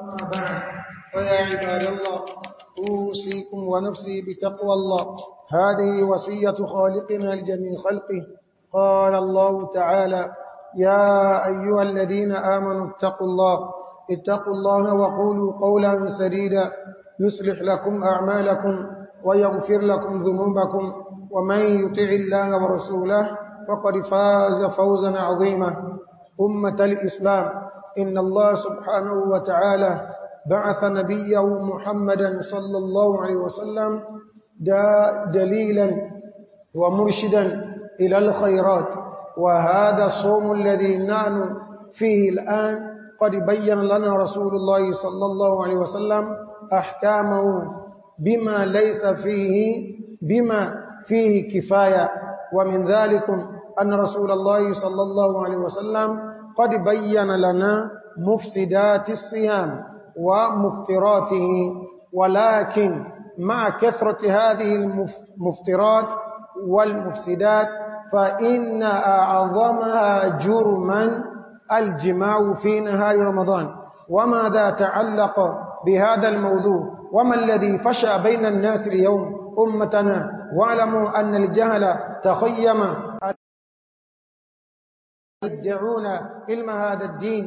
أما بعد فيا عباد الله أوصيكم ونفسي بتقوى الله هذه وصية خالقنا لجميع خلقه قال الله تعالى يا أيها الذين آمنوا اتقوا الله اتقوا الله وقولوا قولا سديدا يصلح لكم أعمالكم ويغفر لكم ذنوبكم ومن يطع الله ورسوله فقد فاز فوزا عظيما أمة الإسلام إن الله سبحانه وتعالى بعث نبيه محمدا صلى الله عليه وسلم دليلا ومرشدا إلى الخيرات وهذا الصوم الذي نعن فيه الآن قد بين لنا رسول الله صلى الله عليه وسلم أحكامه بما ليس فيه بما فيه كفاية ومن ذلك أن رسول الله صلى الله عليه وسلم قد بين لنا مفسدات الصيام ومفتراته ولكن مع كثرة هذه المفترات والمفسدات فإن أعظمها جرما الجماع في نهار رمضان وماذا تعلق بهذا الموضوع وما الذي فشى بين الناس اليوم أمتنا واعلموا أن الجهل تخيم يدعون علم هذا الدين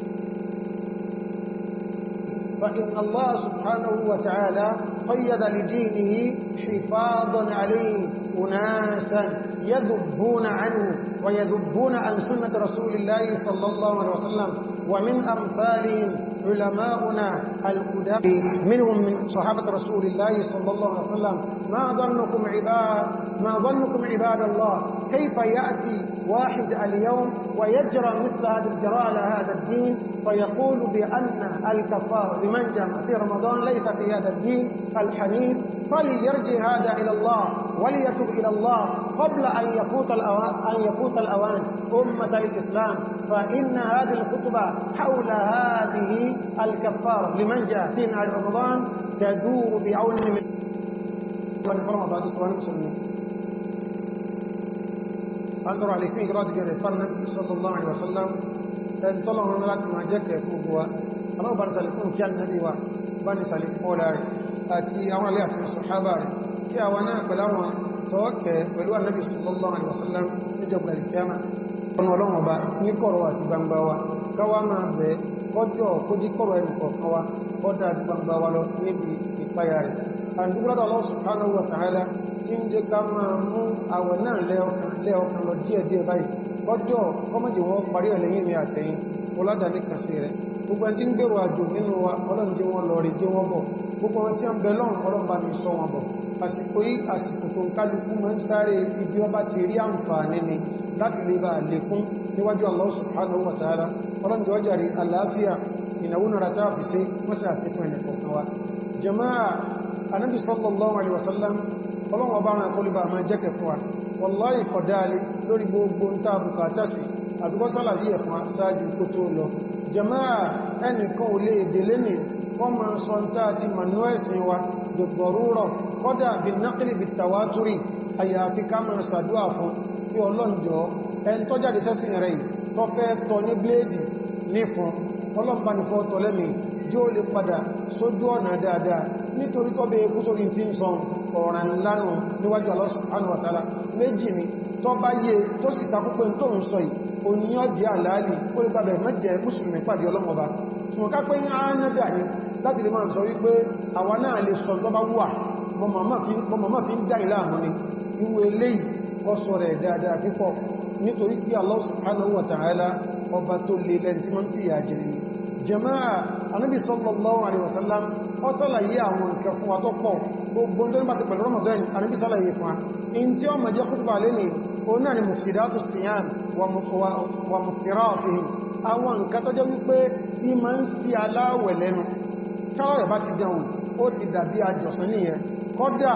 فإن الله سبحانه وتعالى قيد لدينه حفاظا عليه أناسا يذبون عنه ويذبون عن سنة رسول الله صلى الله عليه وسلم ومن أمثالهم علماؤنا القدام منهم من صحابة رسول الله صلى الله عليه وسلم ما ظنكم عباد ما ظنكم عباد الله كيف يأتي واحد اليوم ويجرى مثل هذا الجراء على هذا الدين ويقول بأن الكفار لمن جمع في رمضان ليس في هذا الدين الحنيف فليرجع هذا إلى الله وليتب إلى الله قبل أن يفوت الأوان, أن يفوت الأوان أمة الإسلام فإن هذه الخطبة حول هذه الكفار لمن جاء في نهار رمضان تدور بعون من رمضان andọ́rọ̀ àlèkún ìgbàtígẹ̀rẹ̀ fánàbí sallallahu alaihi wasallam ẹni tọ́lọ̀run láti máa jẹ́ kẹ̀kún buwa aláwọ̀ bá ní sàlẹ̀kún kí a nàbí wa bá ní sàlẹ̀kún ọlá rẹ̀ àti àwọn alẹ́ àti sọ̀hábà rẹ̀ kí àwọn náà pẹ̀láwọn tọ́ọ̀kẹ́ pẹ̀lú ànàbí sallallahu alaihi wasallam ní jọba ìkẹ́mà ọ̀nà ọlọ́wọ̀n bá ní kọ̀rọ̀ àti gbangba wa káwà máa bẹ̀ kọjọ́ kọ̀ọ̀kan wa kọ́dá gbangba wa lọ níbi ìpáyà rẹ̀ àdúgbọ́dọ̀ Allah subhanahu wa ta'ala tí ń jẹ ká máa mú àwẹ̀ náà lẹ́ọkàn lọ díẹ̀díẹ̀ báyìí kọjọ́ kọmọdé wọn parí ẹ̀lẹ́yìn ni àtẹ̀yìn ọládàní kàṣẹ rẹ̀ gbogbo ẹni gbèrò àjò nínú wa ọlọ́njẹ wọn lọ rí jẹ́ wọ́n bọ̀ gbogbo wọn tí a ń bẹ lọ́rùn ọlọ́mbà ní sọ wọn bọ̀ àsìkò yí àsìkò tó ń kálukú ma ń sáré ibi ọba ti rí àǹfààní ni láti lè bá lékún níwájú Allah ọlọ́wọ́ bá rán kólíbà máa jẹ́kẹ̀ fún wa wallahi kọ̀dáalé lórí gbogbo ń tàà bukata sí àbíkọ́ sálàrí ẹ̀fún sáájú kó tó lọ jama'a ẹnìkan ò lè délé ní wọ́n máa sọ ń tàà ti manuẹ́sìn wa dọ̀gbọ̀rúrọ̀ kọ́dà bí nákìlì bí tàwátúrì àyàfi ká máa sàdúà fún kí ọlọ́njọ́ ẹn tó nítorí tó sórí tí ń sọun ọ̀ràn lánà níwájú Allah subhanahu wa ta'ala méjì ni tó bá yé tó sì takú pé tó ń sọ yìí oníyànjẹ́ àlàálì ó lè pàbẹ̀ mẹ́jẹ mùsùlùmí pàdé ọlọ́mọba ṣùgbọ́n ká pé ánádà ní láti lè máa sọ wípé àwa náà lè sọ tó bá wà mọ̀mọ̀mọ̀ fi ń dáì láàmú ni irú eléyìí ọsọ rẹ̀ dáadáa pípọ̀ nítorí pé Allah subhanahu wa ta'ala àwọn nǹkan fún gbogbo tó ní bá ti pẹ̀lú Ramadan Ànábì sálàyé fún wa in tí ó ma jẹ́ kútùbà lé ní òun náà ni mufsidatu siyam wa muftiratuhum àwọn nǹkan tó jẹ́ wípé ní ma ń sí aláwẹ̀ lẹ́nu káwọ̀rẹ̀ bá ti dẹ̀hùn ó ti dàbí àjọ̀sán nìyẹn kọ́dà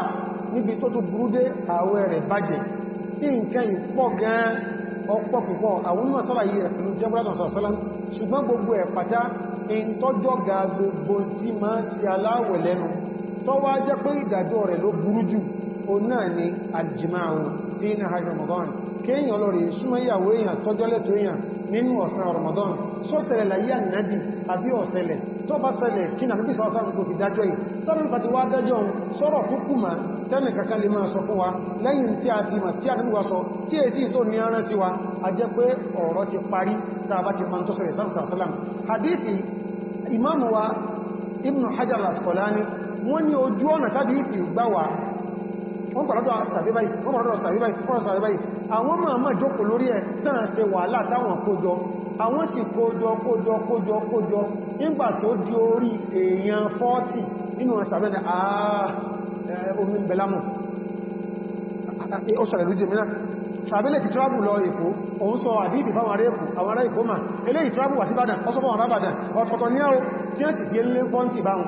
níbi tó tó burú dé àwẹ̀ rẹ̀ bàjẹ́ nǹkan ìpọ̀ gan ọ̀pọ̀ púpọ̀ àwọn onímọ̀ sálàyé rẹ̀ pẹ̀lú jẹ́bùrẹ́dàn sọ̀sọ́lá ṣùgbọ́n gbogbo ẹ̀ pátá in tọ́jọ́ ga gbogbo tí ma ń sí aláwẹ̀ lẹ́nu tó wá jẹ́ pé ìdájọ́ rẹ̀ ló burú jù o náà ni aljimáwò tí ní hajj ramadan kéèyàn lọ rí súnmọ́ ìyàwó èèyàn tọ́jọ́lẹ́tò èèyàn nínú ọ̀sán ramadan sọ́sẹ̀lẹ̀ láyé ànádì àbí ọ̀sẹ̀lẹ̀ tó bá ṣẹlẹ̀ kí nà níbi sọ́ọ̀tà kò fi dájọ́ yìí tọ́rọ nípa ti wá dájọ́ sọ́rọ̀ fúkùmá tẹ́nì kankan lè máa sọ fún wa lẹ́yìn tí a ti mà tí a níbi wa sọ tí è sí tó ní ara ti wa a jẹ́ pé ọ̀rọ̀ ti parí tàbá ti máa sọ̀rẹ̀ sáàmù hadithi imamu ibn hajar al-asqalani wọ́n ní ojú ọ̀nà tàbí ìgbà wà wọ́n pàdọ́dọ̀ sàbíbáyì wọ́n pàdọ́dọ̀ sàbíbáyì wọ́n sàbíbáyì àwọn máa máa jókòó lórí ẹ̀ tánà ṣe wàhálà táwọn kójọ àwọn sì kójọ kójọ kójọ kójọ nígbà tó di orí èèyàn 40 nínú sàbẹ́ni àà omi belamu ó sàrẹ̀ lójú mìíràn sàbílẹ̀ ti travel lọ èkó òun sọ àdíìdì fáwọn ará èkó àwọn ará èkó mà eléyìí travel wà sí bàdàn ọsọ́fọ́ àwọn ará bàdàn ọ̀tọ̀tọ̀ ní àwọn tí ó sì gbé lé pọ́ntì báwọn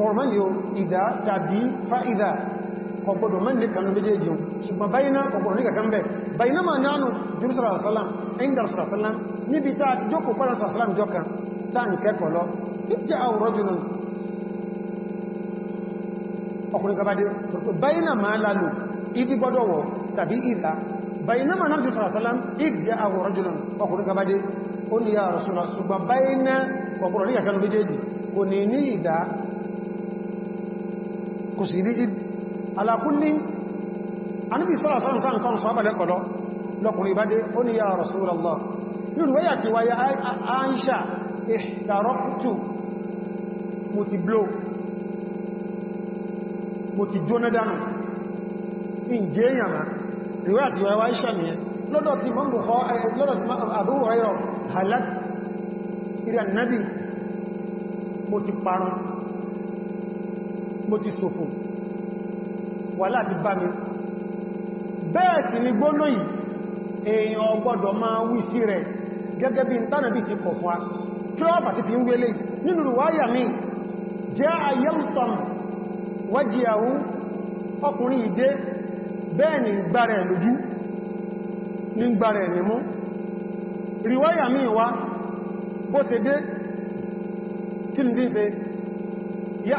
kọ̀rọ̀ mọ́ ni o ìdá tàbí fa'ida kọ̀gbọ̀dọ̀ mọ́ ní kanú méjèèjì o ṣùgbọ́n báyíná kọ̀gbọ̀rọ̀ ní kankan bẹ̀ báyíná ma nánú jerusalem salam ingar salam níbi ta jókòó pẹ́lá salam jọka ta n kẹ́kọ̀ọ́ lọ ìjẹ́ àwòrán jùlọ ọkùnrin gabadé báyíná ma lálò ibi gbọ́dọ̀ wọ̀ tàbí ìdá báyíná ma nánú jerusalem salam ìjẹ́ àwòrán jùlọ ọkùnrin gabadé ó ní ya rasulullah ṣùgbọ́n báyíná kọ̀gbọ̀rọ̀ ní kankan méjèèjì kò ní ní ìdá kò sí ní ìd alákúnní anábì sọ́rọ̀ sọ́rọ̀ sáà nǹkan sọ́bà lẹ́kọ̀ọ́lọ́ lọ́kùnrin bá dé ó ní ya Rasulullah nínú wáyà ti wáyà Aisha ihtaraqtu mo ti blow mo ti jóná dánù ìjẹ́ èèyàn ìwé àti wáyà Aisha nìyẹn lọ́dọ̀ mo ti sòfò wà láti bá mi bẹ́ẹ̀ sì ni gbóná yìí èèyàn ọgbọ́dọ̀ máa wí sí rẹ̀ gẹ́gẹ́ bí tánàbí ti kọ̀ fún a kí ó bàtí fi ń wélé nínú rùwáyà mi jẹ́ ayẹ́mtọ̀m wájíyàwó ọkùnrin ìdé bẹ́ẹ̀ ni gbárẹ̀ lójú ní gbárẹ̀ ní mú rùwáyà mi wá bó ṣe dé kí ní ṣe yá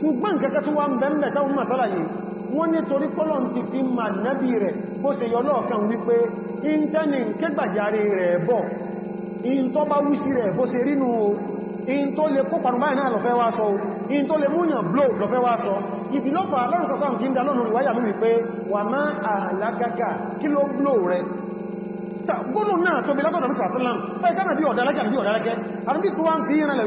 ṣùgbọ́n kẹta tó wá ń bẹ̀m̀bẹ̀ táwọn masala yìí wọ́n ní torí pọ́lọ̀ ti fi ma nẹ́bí rẹ̀ bó ṣe yọ lọ́ọ̀kan wípé ìntẹ́ni kégbàjáre rẹ̀ bọ̀ in tó bá wúsí rẹ̀ bó ṣe rínú blow lọ́fẹ́ wá sọ ìdílọ́pàá alọ́rùsọ̀kọ́ kí ń dá lọ́nà ìwáyà mú wípé blow rẹ̀ gbónú náà tóbi lábọ̀dọ̀ mú sàtìlán fẹ́ gánà bí ọ̀dálágà bí ọ̀dálágẹ́ àrùn bí tó wá ń fi yẹn lẹ̀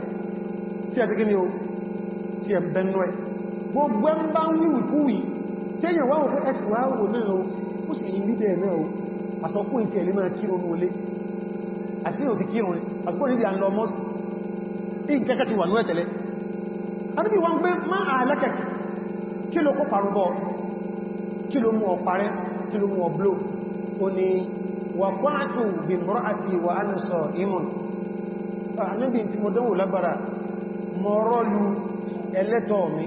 tí a sí kí ni o tí ẹ bẹnu ẹ gbogbo ẹ ń bá ń wíwì kúwì tẹ́yàn wá òfin ẹ̀sì wá òwò náà o ó sì yí lídẹ̀ náà o àsọkún ìtì ẹ̀lẹ́ máa kírò ní olé àti ní òtí kírò ní àsọkún ìdí àlọ mọ́sí ìkẹ́kẹ́ ti wà ní ẹ̀tẹ̀lẹ́ adúbí wọn gbé máa àlẹ́kẹ̀ kí ló kó parúbọ kí ló mú ọparẹ́ kí ló mú ọbló o ni wà pàtó bí mọ́rọ̀ àti ìwà ánìsọ̀ ìmọ̀ mọ̀rọ̀lú ẹlẹ́tọ̀ mi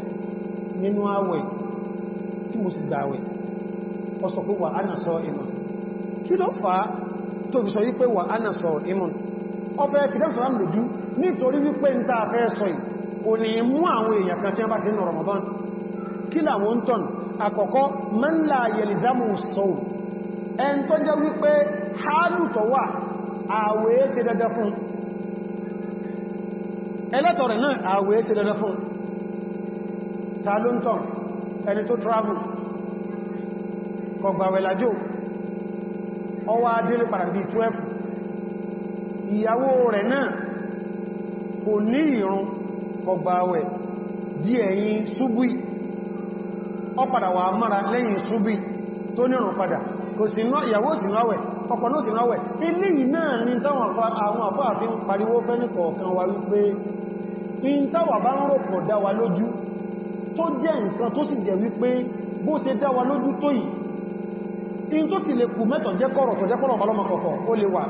nínú àwẹ̀ tí mo sì gbàwẹ̀ ọsọ̀ pé wà ánàsọ ìmọ̀ kí ló fà á tó fi sọ wípé wà ánàsọ ìmọ̀ ọbẹ̀ kìdánsàrá lójú nítorí wípé ń tàà fẹ́ sọ yìí kò ní mú àwọn èèyàn kan tí a bá sí nọ̀rọ̀ mọ̀bán kí làwọn tọ́n ẹlẹ́tọ̀ rẹ̀ náà àwẹ̀ ti dandan fún ta ló ń tàn ẹni tó travel kọgbàwẹ̀lájò ọwá adílé padà bí 12 ìyàwó rẹ̀ náà kò ní ìrun kọgbàwẹ̀ dí ẹ̀yìn súbí ọ padà wà mọ́ra lẹ́yìn súbí tó nírun padà kò sí ìyàwó sínú àwẹ̀ ọkọ̀ náà sì ráwẹ̀ ilé yìí náà ni táwọn àwọn àfáà fi ń pariwo fẹ́nìkọ̀ọ̀kan wa wípé in táwà bá ń rọ̀pọ̀ dá wa lójú tó jẹ́ nǹkan tó sì jẹ́ wípé bó ṣe dá wa lójú tó yìí in tó sì lè kù mẹ́tọ̀ jẹ́ kọ̀rọ̀ tó jẹ́ kọ̀rọ̀ ọ̀pọ̀lọmọkọ̀kọ̀ ó lè wà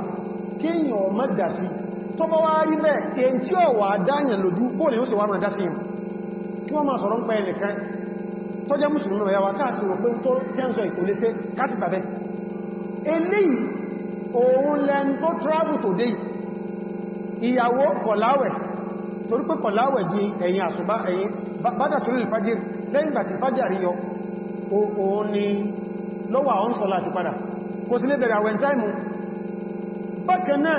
kéèyàn má dá sí tó bá wá rí bẹ́ẹ̀ èyí tí ó wà dáyàn lójú bó lè ó sì wá máa dá sí ìmú kí wọ́n máa sọ̀rọ̀ ń pẹ́ ẹnìkan tó jẹ́ mùsùlùmí ọ̀yá wa káàkiri pé tó eléyìí òun lẹ́n tó travel today ìyàwó kọ̀láwẹ̀ torí pé kọ̀láwẹ̀ di ẹ̀yìn àṣùbá ẹ̀yìn bádà tó lè fájìrì lẹ́yìn ìgbà tí fájìrì yọ òun ni lọ́wà ọ́n sọ́lá ti padà kò sí lè bẹ̀rẹ̀ àwẹ̀ táìmù bákan náà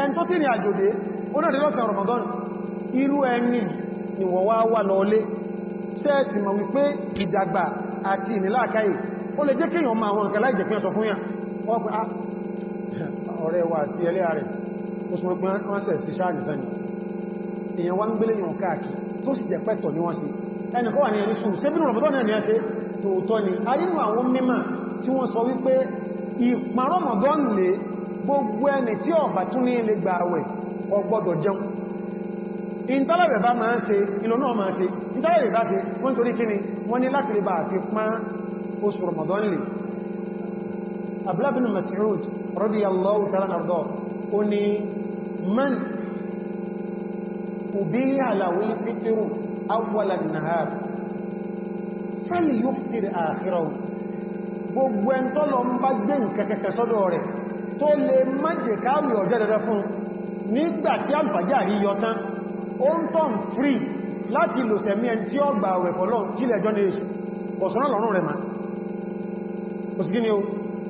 ẹn tó tí ní àjòdé ó náà dẹ́lọ́sàn Ramadan irú ẹni ni wọ́n wá wà lọ́ọ́lé sẹ́ẹ̀sì mọ̀ wípé ìdàgbà àti ìníláàkáyì ó lè jẹ́ fún yàn wọ́n pẹ́ ah, ọ̀rẹ́ wa àti ẹlẹ́ rẹ̀ ó súnmọ́ pé wọ́n sẹ̀ sí sáà nìtàn èèyàn wá ń gbélé yàn káàkì tó sì jẹ́ pẹ́tọ̀ ní wọ́n sí ẹnìkọ́ wà ní ẹni sùn sébínú rọ̀bọ̀tọ́ náà ni ẹ́ ṣe tòótọ́ ni a nínú àwọn mímọ̀ tí wọ́n sọ wípé ìparọ́mọ̀dán lè gbogbo ẹni tí ọ̀bà tún ní ilé gbà àwẹ̀ ọgbọ́dọ̀ jẹun ìntàlẹ̀bẹ̀ bá máa ń ṣe ìlò náà máa ṣe ìntàlẹ̀bẹ̀ bá se, wọ́n torí kíni wọ́n ní láti lè bá àfi pán oṣù rọ̀mọ̀dán lè Abdullah bin Mas'ud radiyallahu ta'ala anhu ó ní man ubiya lahu fitru awwal an-nahar fal yuftir akhirahu gbogbo ẹn tó lọ ń bá gbé nkẹkẹkẹ sọ́dọ̀ rẹ̀ tó lè má jẹ káàmì ọjọ́ dẹ̀dẹ̀ fún nígbàtí àlùfàjá rí yọ ó ń tọ́n frí láti lò sẹ̀mí ẹn tí ó gbà ọ̀wẹ̀ ní èṣù ọ̀sán lọ́rùn rẹ̀ ma òsìkí ni ó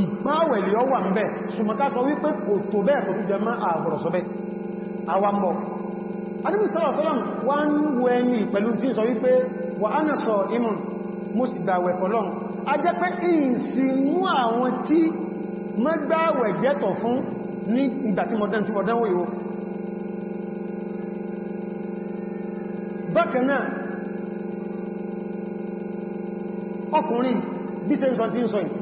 ìpáwẹ̀lẹ̀ ọwà ń bẹ̀ ṣùgbọ́ká sọ wípé kò tó bẹ́ẹ̀ kò tó jẹ mọ́ àgbọ̀rọ̀sọ́bẹ̀ àwàmọ̀ adébísọ́lọ̀sọ́lọ̀m wá ń wo ẹni pẹ̀lú tí sọ wípé wà á nà sọ imun mo sì gbàwẹ̀ a jẹ́ pé ìsinú àwọn tí mẹ́gbàwẹ̀ jẹ́tọ̀ fún ní ìgbà tí ọkùnrin bí sẹ́yìn sọ tí ń sọ yìí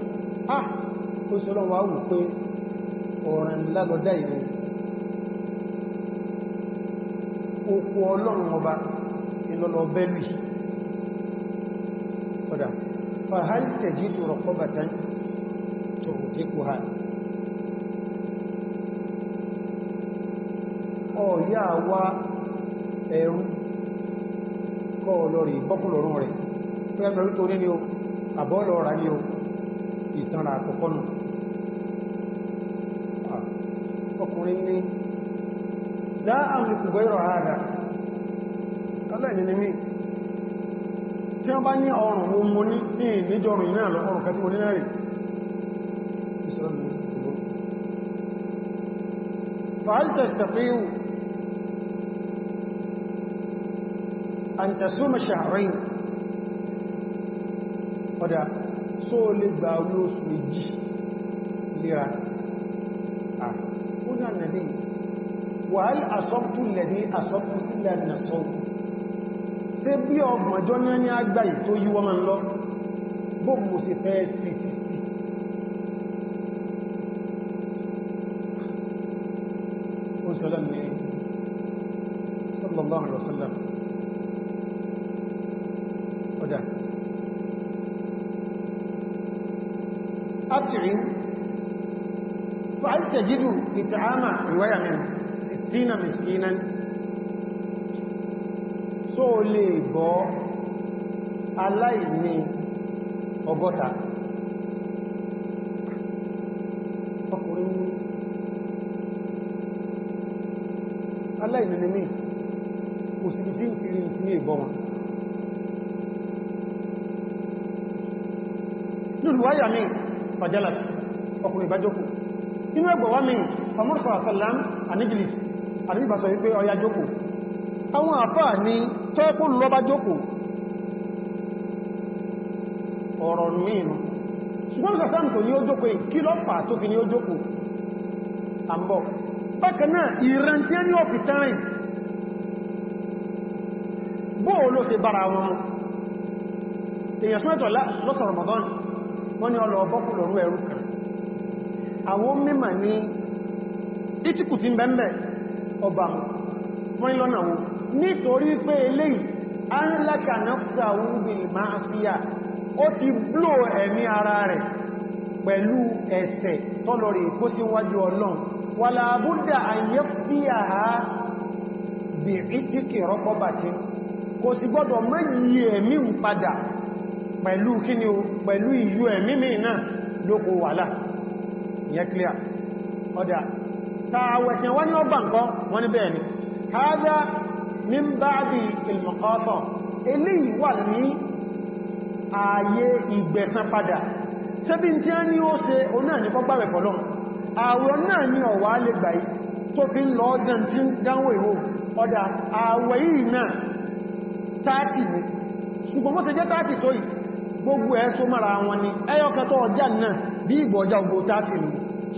kó sí ọlọ́run wá wù pé ọ̀ràn lálọ́dá ìrẹ́ okú ọlọ́run ọba ìlọ́lọ́ bẹ́lì ọ̀dà fàhálì tẹ̀jí tó rọ̀kọ́ bàtán tó tẹ́kù ha ọ̀yá wá ẹ̀rù kọ́ ọlọ́rì bọ́kùlọ̀rún rẹ̀ pẹ́mẹ̀rú tó ní ni o àbọ́lọ̀ ọ̀rà ni o ìtànrà àkọ́kọ́ náà ọkùnrin ní láàrín kùgbọ́ ìrọ̀ ààrẹ alẹ́ni ni mí tí wọ́n bá ní ọrùn mú mú ní ìníjọrùn iná lọ ọrùn kẹtí mú ní rẹ̀ fàáltẹ̀stẹ̀fíù àǹtẹ̀súnmọ̀ النبي وهل أصبت الذي أصبت إلا من الصوم ṣe bí ọgbọ̀n ọjọ́ ní ọ̀nà àgbà ìtó yíwọ́ ma ń lọ bó mú sí fẹ́ sí sí sí ó sọ́lọ́ ní sallallahu alaihi wasallam ọjà أطعم فهل تجد ìtààmà riwaya mẹ́rin sittina miskinan tó lè bọ́ aláìní ọgọ́ta ọkùnrin ní aláìní ni mí kò sí tí ń tiri tí ní ìbọn wọn nínú wáyà pàjálàsì ọkùnrin ìbájókù inú ẹgbọ̀wá mi fọmọ́sọ̀ àtàlám aniglis àríbàtọ̀ wípé ọya jókòó àwọn àfáà ni tẹ́kùn lọ́bá jókòó ọ̀rọ̀ mìíràn ṣùgbọ́n sàtàn kò ní ó jókòó kí lọ́pàá tó fi ní ó jókòó àmbọ̀ bákanáà ìrántí ẹni ọ̀pìtánì bóò ló ṣe bára wọn mú èyàn súnmẹ́tọ̀ lọ́sàn Ramadan wọ́n ni ọlọ́ ọbọ́kù lọ́rú ẹrù kan àwọn mímọ̀ ní tí ń bẹ́m̀bẹ̀ ọba wọ́n lọ́nà wọn nítorí pé eléyìí alaka nafsahu bil o ti ẹ̀mí ara rẹ̀ pẹ̀lú kó síwájú kò gbọ́dọ̀ ẹ̀mí ń padà pẹ̀lú kíni o pẹ̀lú ìlú ẹ̀mí ta tí ni ní ọgbà nǹkan wọ́n ní bẹ́ẹ̀ ni hádá min ba'di ìlmọ̀kọ́sọ̀ eléyìí wà ní ààyè ìgbẹ̀san padà sẹ́bí tí a ní ó ṣe onáà gbogbo e so mara wọn ni ẹyọkẹtọ̀ ọjà náà bí ìgbọ̀ tààtì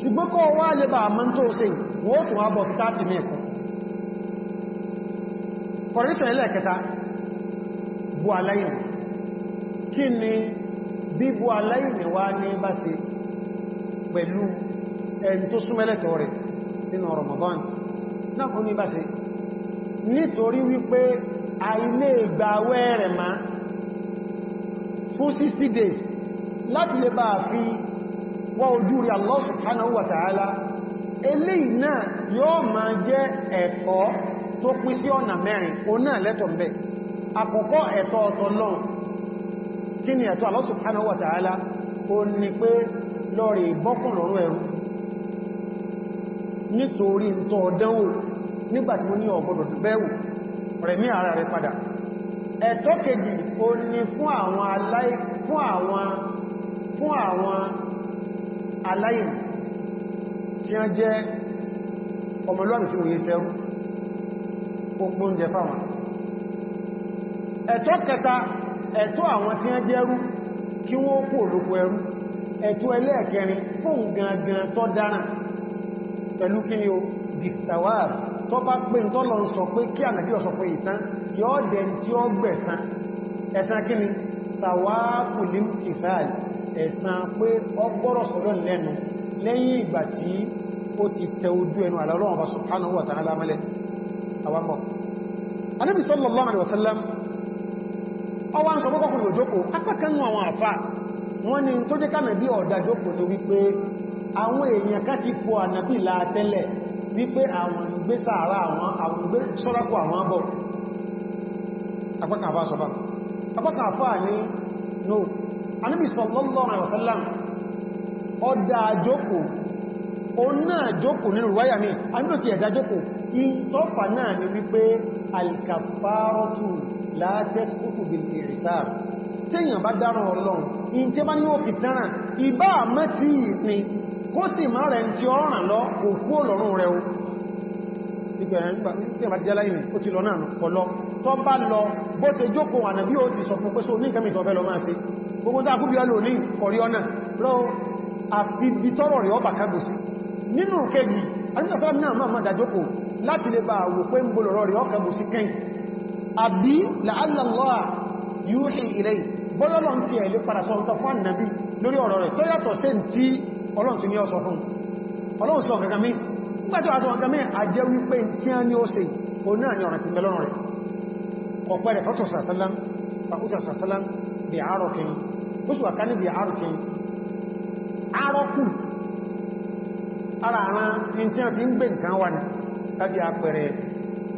ṣùgbọ́n kọ́ wá lè bá àmọ́ tó ṣe wọ́n tó wá bọ̀ tààtì mẹ́kùn kọ̀rẹ́sẹ̀ ẹlẹ́ẹ̀kẹta bú aláìní kí ni bí bú aláìní wá ní bá ṣe pẹ̀lú ẹni tó súnmẹ́lẹ̀kẹ́ rẹ̀ nínú Ramadan náà kò ní bá ṣe nítorí wípé àìlé ìgbàwẹ́ rẹ̀ ma fún 60 days láti lè bá fi wọ ojú rí Allah subhanahu wa ta'ala náà yóò máa jẹ́ ẹ̀kọ́ tó pín sí ọ̀nà mẹ́rin o náà lẹ́tọ̀ mbẹ̀ àkọ́kọ́ ẹ̀tọ́ ọ̀tọ̀ náà kí ni ẹ̀tọ́ Allah subhanahu wa ta'ala o ní pé lọ́rẹ̀ fún aláyìn tí wọ́n jẹ́ ọmọlúwàbí tí wòye sẹ́rú òpó oúnjẹ fáwọn ẹ̀tọ́ kẹta ẹ̀tọ́ àwọn tí wọ́n jẹ́rú kí wọ́n kú olóko ẹrú ẹ̀tọ́ ẹlẹ́ẹ̀kẹrin fún gangan tó dára pẹ̀lú kí ni o bìtàwàá tó bá pé ń tọ́lọ ń sọ pé kí ànàbí ọ̀sọ̀ pé ìtàn yóò dẹ̀ tí ó gbẹ̀san ẹ̀san kí ni sàwákùlé ìfẹ́ àlè ẹ̀sàn pé ọgbọ́rọ̀ sọ́rọ̀ lẹ́nu lẹ́yìn ìgbà tí ó ti tẹ ojú ẹnu àlọ́lọ́wọ́ bá subhanahu wa ta'ala mẹ́lẹ̀ àwọ́mọ̀. anábi sallallahu alaihi wasallam ọwọ́n sọ pọ́kọ́ kùnrin òjókò apákanú àwọn àfà wọ́n ni tó jẹ́ kánà bí ọ̀dá jókò ní wípé àwọn èèyàn ká ti fò ànàbí látẹ́lẹ̀ wípé àwọn gbé sàárà àwọn àwọn gbé sọ́lápọ̀ àwọn bọ̀ apákan àfà sọ́bà apákan àfà ní no anábì sallallahu alaihi wasallam ọdá àjókò òun náà jókò nínú wáyà mi anábì ti ẹ̀dá jókò ìtọ́fà náà ni wípé alkafaratu la tasqutu bil i'sar tẹ́yàn bá dáràn ọlọ́run in tí bá ní ó fi tánà ìbá àmọ́ tí ìpín kó sì máa rẹ̀ tí ó ràn lọ òkú ọlọ́run rẹ̀ o ìgbẹ̀rẹ̀ nígbà tí ìbá jẹ́ láìní ó ti lọ náà kọlọ tó bá lọ bó ṣe jókòó ànàbí ó ti sọ fún pé só fẹ́ lọ máa ṣe gbogbo tó àkúbí ọlò ní ọ̀rí ọ̀nà lọ́wọ́ àfi bí tọ́rọ̀ rẹ̀ ọba kan gùsí nínú kejì anìyàtọ́lá náà máa máa dájókò láti lè bá wò pé ń bolọ̀rọ̀ rẹ̀ ọkà gùsí kẹ́yìn àbí la'allallah yuhi ilay bọ́lọ́lọ́ ti ẹ̀lẹ́ parasọ́ntọ́ fún annabi lórí ọ̀rọ̀ rẹ̀ tó yàtọ̀ sí tí ọlọ́run ti ní ọsọ fún ọlọ́run sọ kankan mi nígbàtọ̀ àtọ̀ kankan mi àjẹ́ wípé tí a ní ó se o náà ni ọ̀rọ̀ ti mẹ́lọ́rùn rẹ̀ ọ̀pẹ́ rẹ̀ fọ́tọ̀ bó sì wà ká níbi àrùkín arọ́kù ara àwọn in tí a fi ń gbé nǹkan wà ní tàbí àpẹẹrẹ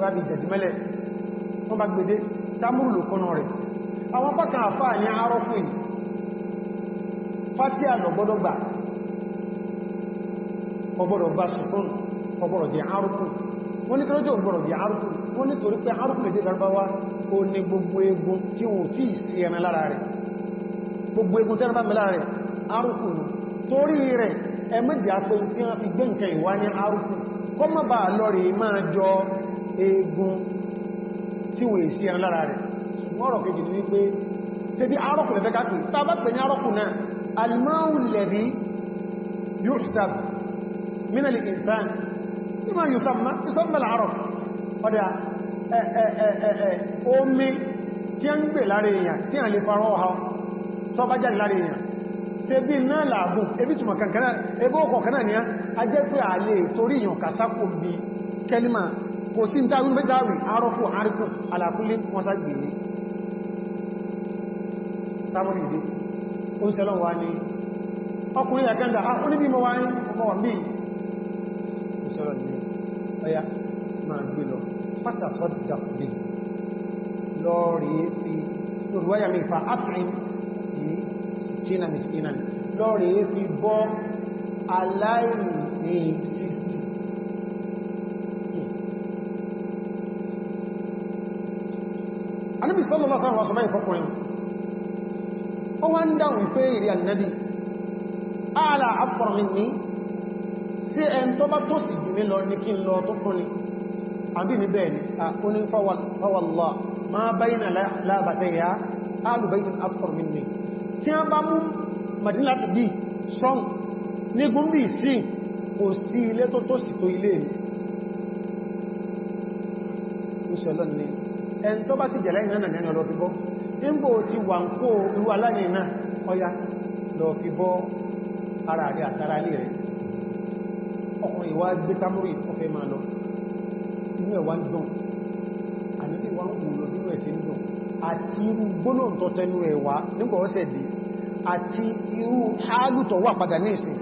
rábì jẹ̀dìmẹ́lẹ̀ wọ́n bá gbede tamuru lòkúnnà rẹ̀ àwọn pàkà àfà ní arọ́kù yìí fatia lọ gbọ́dọ̀ gbà ọgbọ́dọ̀ gbà sùkún ọgbọ́dọ̀ jẹ arọ́kù wọ́n ní kọjọ́ ọgbọ̀rọ̀ di arúkù wọ́n ní torí pé arúkù lè dé garbawa o ní gbogbo egun tí wọ́n gbogbo egun tẹ́rẹ bá mẹ́lá rẹ̀ arúkù nù torí rẹ̀ ẹmẹ́jì àpẹ tí wọ́n fi gbé nǹkan ìwá ní arúkù kọ́ mọ́ bá lọ́rẹ̀ máa jọ egun tí wọ́n sí ẹran lára rẹ̀ mọ́rọ̀ kejì ní wípé ṣe bí arúkù lẹ́fẹ́ káàkiri tí a ń gbè lára èèyàn tí a lè farọ́ ọha tó bá jáde lára èèyàn ṣe bí náà làágùn ebí túnmọ̀ kankaná ebó ọkọ̀ kaná ni a jẹ́ pé a lè torí èèyàn kàsákò bí kẹlìmà kò sí e. ń dáwí mẹ́dáwì arọ́kù àríkù àlàkúlé wọ́n sáàgbè ní ah, fi lórí wáyà mi fa ápìrín sittina miskinan lọ́rẹ̀ fi bọ́ aláìní 60 anábi sallallahu alaihi wasallam báyìí fọ́kùnrin ó wá ń dáhùn pé ìrì annabi ààlà afọ́rin ní sí ẹn tó bá tó sì jù mí lọ ní kí n lọ tó fún ni àbí mi bẹ́ẹ̀ ni a oní fawallá ma bayna lábàtẹ̀yà alùbẹ́yìn afọ́rin ní tí wọ́n bá mú Madina láti dì strong ní gúnbí sí kò sí ilé tó tó sì tó ilé mi ó sì ọlọ́nà ní ẹn tó bá sì jẹ̀ láì náà ní ọlọ́ fi bọ́ nígbò ti wà ń kó irú aláyìn náà ọya lọ fi bọ́ ara rẹ̀ àtàrà ilé rẹ̀ ọkùnrin ìwà gbé támúrì ọfẹ́ máa lọ inú ẹ̀wà ń dùn àníbí wà ń wù lọ nínú ẹ̀sẹ̀ dùn àti irú gbónà ẹ̀wà nígbà ọ́sẹ̀ dìí àti irú hálùtọ̀ wà padà ní ìsìn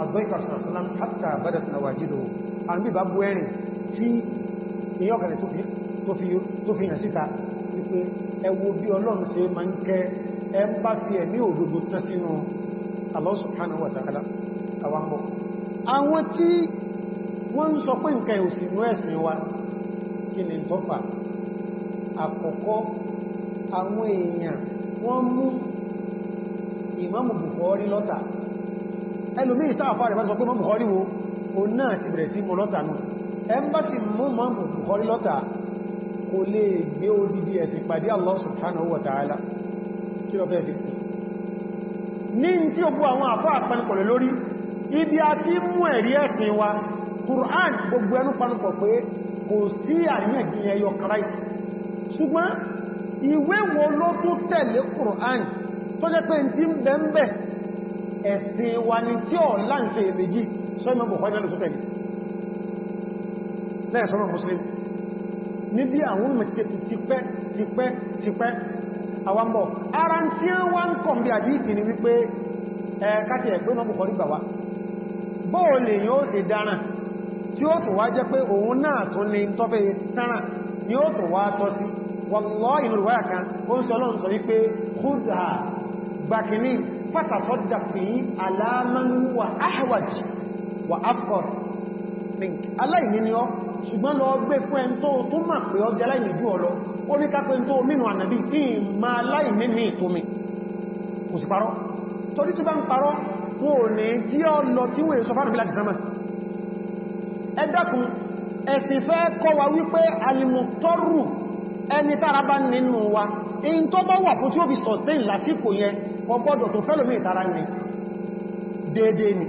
àgbẹ́kà sàrásánlám hátà bádà tí nàwà jídò àrùn bíbá bú ẹ̀rìn tí ìyọ́kẹ̀rẹ̀ tó fi yàn síta wípé ẹwọ bí ọlọ́run ṣe ma ń kẹ Allah subhanahu wa ta'ala àwambọ̀ àwọn tí wọ́n ń sọ pé nǹkan òsìnú ẹ̀sìn àwọn èèyàn wọ́n mú ìmáàmù Bukhari lọ́ta ẹlòmí ìtàfà rẹ̀ bá sọ pé mọ́ Bukhari wo o náà ti bẹ̀rẹ̀ sí mọ́ lọ́ta nù ẹmbásí mú mọ́mù Bukhari lọ́ta kò lè gbé odidi ẹ̀sìn pàdé Allah subhanahu wa ta'ala kí lọ bẹ́ẹ̀ fi ní tí ó bú a ti mú ẹ̀rí ẹ̀sìn wa Qur'an gbogbo ẹnu panupọ̀ pé kò sí àríyànjiyàn yọ kàráì ṣùgbọ́n ìwé wo ló tún tẹ̀lé Qur'an tó jẹ́ pé tí ń bẹ̀ ń bẹ̀ ẹ̀sìn wa ni tí ọ̀ láǹṣe èméjì sọ́mọ̀ bọ̀kọ́jẹ́ lọ sótẹ̀lì lẹ́ẹ̀sọ́mọ̀ muslim ní bí àwọn mẹ̀tẹ̀tù tipẹ́ tipẹ́ tipẹ́ àwambọ̀ ara tí wọ́n ni wípé ẹ̀kátì ẹ̀gbẹ́ mọ́ bọ̀kọ́ nígbà wa bóò ó tó wá jẹ́ pé òun náà tó ní tọ́fẹ́ tánà ni ó tó wá tọ́ sí wọ́n lọ́ ìlú wáyà kan ó ń sọ lọ́n sọ wípé húdà gbàkìní fàtàsọ́dà fi aláàmánúwà ahwaj wà afqar aláìní ni ọ ṣùgbọ́n lọ gbé fún ẹn tó tó mà pé ọ jẹ́ aláìní jù ọlọ orí kápẹ́ tó mínú ànàbí tí ma aláìní ní ìtomi kò sì parọ́ torí tí bá ń parọ́ wọn ò ní tí ọ lọ tí wọ́n sọ fánàbí ẹni tára bá nínú wa in tó bá wà fún tí ó fi sọ̀tẹ́ ìlàsíkò yẹn ọgbọ́dọ̀ tó fẹ́lùmí ìtara ní dédé ni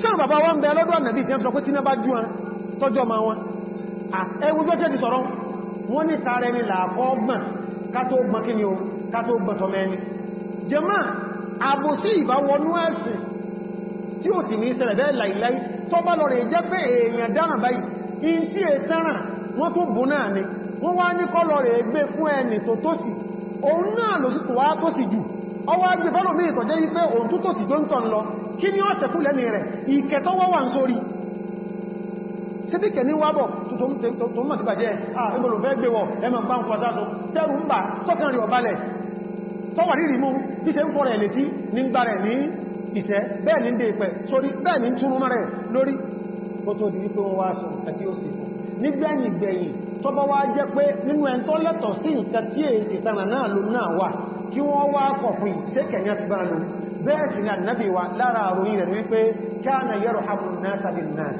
ṣe bàbá wọn bẹ lọ́dọ̀ ànàbí fi ẹ́fẹ́ tí bá jú wọn tọ́jọ́ ma wọn ẹwú tó tẹ́ ti sọ̀rọ̀ wọ́n ní tara ẹni làkọ́gbọ̀n kátó gbọ́n kí ni o kátó gbọ́n tọ́ mẹ́ni jẹma àbòsí ìbáwọnú ẹ̀sìn tí ó sì ní ìṣẹ̀lẹ̀ bẹ́ẹ̀ láìláì tọ́bá lọ rẹ̀ jẹ́ pé èèyàn dáràn báyìí in tí è tẹ́ràn wọ́n tó bù náà ni wọ́n wá ní kọ́lọ̀ rẹ̀ gbé fún ẹni tó tó sì òun náà ló sì tòwá tó sì jù ọwọ́ agbé fọ́lọ̀ mí ìtọ̀jẹ́ yí pé òun tó tó sì tó ń tọ̀ lọ kí ni ó sẹ̀kú lẹ́mí rẹ̀ ìkẹtọ́wọ́ wà ń sórí síbí kẹ̀ ní wábọ̀ tó mọ̀ tíbàjẹ́ ẹgbẹ̀lùfẹ́ gbé wọ ẹmọ̀ bá ń kọ sáàtọ̀ tẹ́rù ń bà tọ́kàn rí ọ̀bálẹ̀ tọ́wà rí nígbẹ̀yìn gbẹ̀yìn tó bá wá jẹ́ pé nínú ẹn tó lẹ́tọ̀ sí nǹkan tí èsì tánà náà ló náà wà kí wọ́n wá kọ̀fin sí ti bá lò bẹ́ẹ̀ sì ni ànábì wa lára àròyìn rẹ̀ wípé káàna yẹ́rọ hapun náà sàbí náà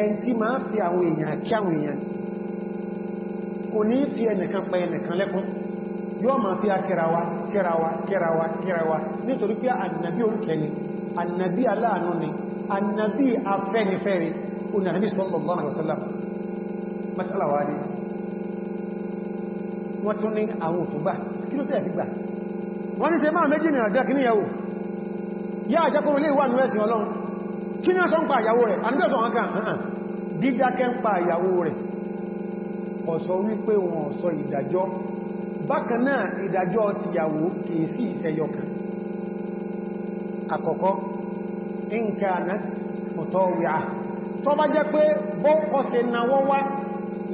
ẹn tí máa ń fi àwọn èèyàn kí àwọn èèyàn kò ní fi ẹnìkan pẹ ẹnìkan lẹ́kún yóò máa fi akẹrawa kẹrawa kẹrawa kẹrawa nítorí pé ànàbí olùkẹni ànàbí aláàánú ni ànàbí afẹ́nifẹ́re onàbí masala wa ní wọ́n tún ní àwọn òtò gbà kí ló tẹ́ ẹ̀fígbà wọ́n ní ṣe máa méjì ní àjá kìí yàwó yá àjákùnrin lè wà ní ẹ̀sìn ọlọ́run kí ní ọ̀sán pa ìyàwó rẹ̀ àníbẹ̀ ọ̀sán ọ̀gá hàn dídákẹ́ ń pa ìyàwó rẹ̀ ọ̀sọ̀ wípé wọn ọ̀sọ̀ ìdájọ́ bákan náà ìdájọ́ ti yàwó kìí sí ìṣẹ́yọkà àkọ́kọ́ nǹkan àná ọ̀tọ̀ wíà tó bá jẹ́ pé bọ́kọ̀ se náwọ́ wá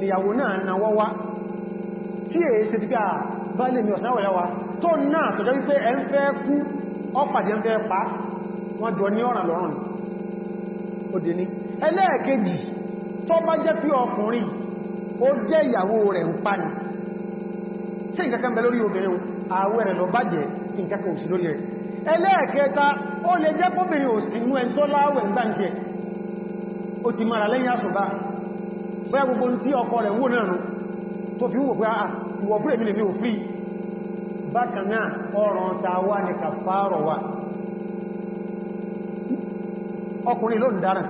ìyàwó náà náwọ́ wá tí èé ṣe ti gbà bá lè mi ọ̀sánwọ̀lẹ́wà tó náà tọ́jọ́ wípé ẹ ń fẹ́ kú ọpàdé ń fẹ́ pa wọ́n jọ ní ọ̀ràn lọ́rùn òdì ní ẹlẹ́ẹ̀kejì tó bá jẹ́ pí ọkùnrin ó jẹ́ ìyàwó rẹ̀ ń pa ní sí ìkẹ́kẹ́ bẹ lórí obìnrin àwẹ́ rẹ̀ lọ mara lẹ́yìn bóyá gbogbo tí ọkọ rẹ̀ wò náà tó fi wò pé àà ah, ìwọ̀ fún èmì lè ní òfin bákan náà ọ̀ràn ta wá ní kàfàárọ̀ wà ọkùnrin ló ń dára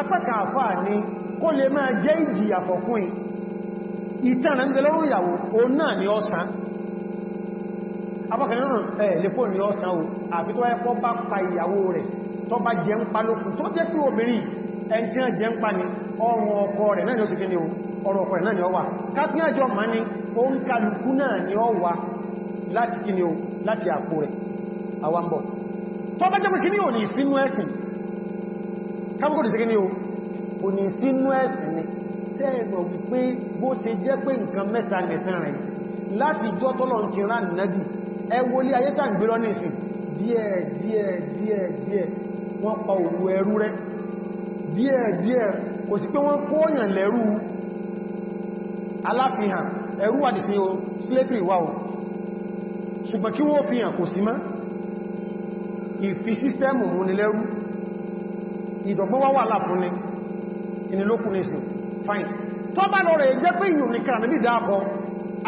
apẹ́kà àfà ní kó lè máa jẹ́ ìjìyà fọ̀kún ìtànà ń gẹlọ́rún ìyàwó o náà ni ọ̀sán apákan náà ẹ̀ lè fò ní ọ̀sán o àfi tó ẹ́pọ́ bá pa ìyàwó rẹ̀ tó jẹ́ pé obìnrin ẹni tí ń pa ní ọrùn o rẹ̀ náà ni ó ọkọ rẹ̀ náà ni ó wà kápínájọ ma ní o ń kàlùkú náà ni ó wà láti kíni o láti àpò rẹ̀ àwambọ̀ tó bá jẹ́ ni kíni ò ní sínú ẹ̀sìn kápínájọ o ní ni sẹ́ẹ̀mọ̀ wípé bó ṣe jẹ́ díẹ̀díẹ̀ kò sí pé wọ́n kóòyàn lẹ́rú aláfihàn ẹrú àdìsí o slavery wow o ṣùgbọ́n kí wọ́n fihàn kò sí má ìfi sístẹ́mù mú ni lẹ́rú ìdọ̀gbọ́n wá wà láàfún ni ní ìsìn fine tó bá lọ rẹ̀ jẹ́ pé ìyùn nìkan níbi dákọ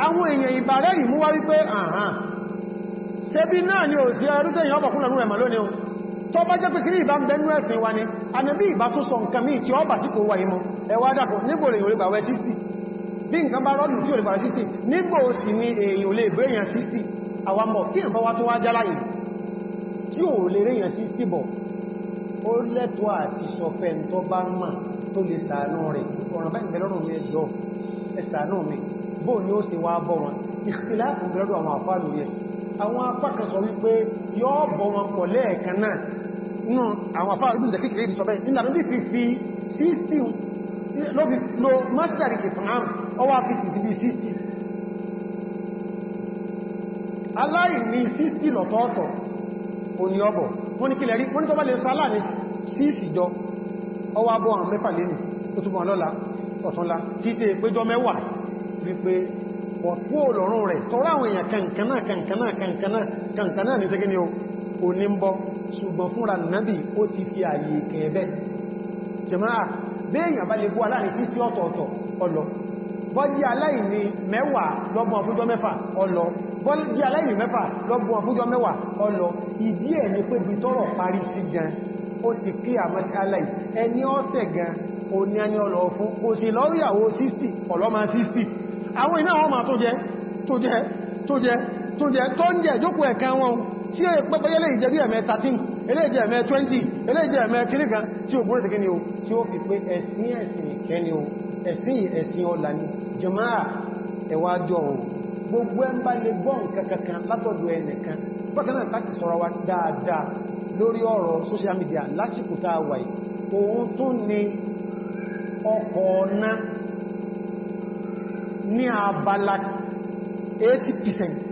àwọn èèyàn ìbàrẹ́ ìmúwá wípé àhán ṣebí náà ni ò sí ẹrú tẹ́yìn ọbọ̀kúnlẹ̀ rú ẹ̀mà tó bá jẹ́ pé kí ìbá ń bẹnú ẹ̀sìn wa ni ànábì ìbá tó sọ nǹkan míì tí ó bà sí kò wà ìmọ̀ ẹwà dàpọ̀ nígbò lè yòrò gbàwẹ́ 60 bí nǹkan bá rọ́dùn tí ò lè gbàwẹ́ 60 nígbò sì ni èèyàn lè bẹ́ èèyàn 60 àwàmọ̀ tí ìbá wá tó wá jáláyìn tí ò lè rèèyàn 60 bọ̀ ó lẹ́tọ́ àti sọfẹ́ tó bá àwọn apá kan sọ wípé yóò bọ́ wọn pọ̀ lẹ́ẹ̀kan náà inú àwọn afárá ìbùsẹ̀ kékeré ti sọ̀bẹ̀ nínú àdúgbì fi fi 60 ló fi lo mọ́sítàrí ìfàhàn ọwá fi fi síbi 60 aláìní 60 lọ́tọ̀ọ̀tọ̀ òní ọbọ̀ wọ́n ní kílẹ̀ rí wọ́n ní tọ́bá lè sọ aláàní 60 jọ ọwá bọ́ àwọn mẹ́fà lẹ́nu tó túnbọ̀ lọ́la ọ̀tọ́la títẹ péjọ mẹ́wàá wípé ọ̀pọ̀ olọ́rún rẹ̀ tọ́rọ àwọn èèyàn kankanáà kankanáà kankanáà kankanáà ní tẹ́gẹ́ ni ó ní ń bọ́ ṣùgbọ́n fúnra nàbì ó ti fi ààyè kẹ̀ẹ́bẹ̀ jẹmáà béèyàn bá lè bú aláàrin sísí ọ̀tọ̀ọ̀tọ̀ ọlọ bọ́jí aláìní mẹ́wàá lọ́gbọ̀n fújọ́ mẹ́fà ọlọ bọ́jí aláìní mẹ́fà lọ́gbọ̀n fújọ́ mẹ́wàá ọlọ ìdí ẹ̀ ní pé bí tọ́rọ̀ parí sí gan ó ti kí àmọ́sí aláì ẹni ọ́sẹ̀ gan ó ní ẹni ọlọ fún kò sí lọ́ríyàwó 60 ọlọ́mà 60 àwọn tó jẹ tó jẹ tó jẹ tó ń jẹ jókòó ẹ̀kan wọn tí èyí pẹ́pẹ́ yẹ́lẹ̀ ìjẹ́bí ẹ̀mẹ́ 13 eléjẹ́ ẹ̀mẹ́ 20 eléjẹ́ ẹ̀mẹ́ kìnnìkan tí ó gbọ́rẹ̀ tẹ́kẹ́ ni ó tí ó fi pé ẹ̀sìn ẹ̀sìn ìkẹ́ni ó ẹ̀sìn ẹ̀sìn ọlá ni jẹmáà ẹwàájọ́ ohun gbogbo ẹ̀ ń social media lásìkò tá a wà yìí òun ni ọkọ̀ ọ̀nà ní 80%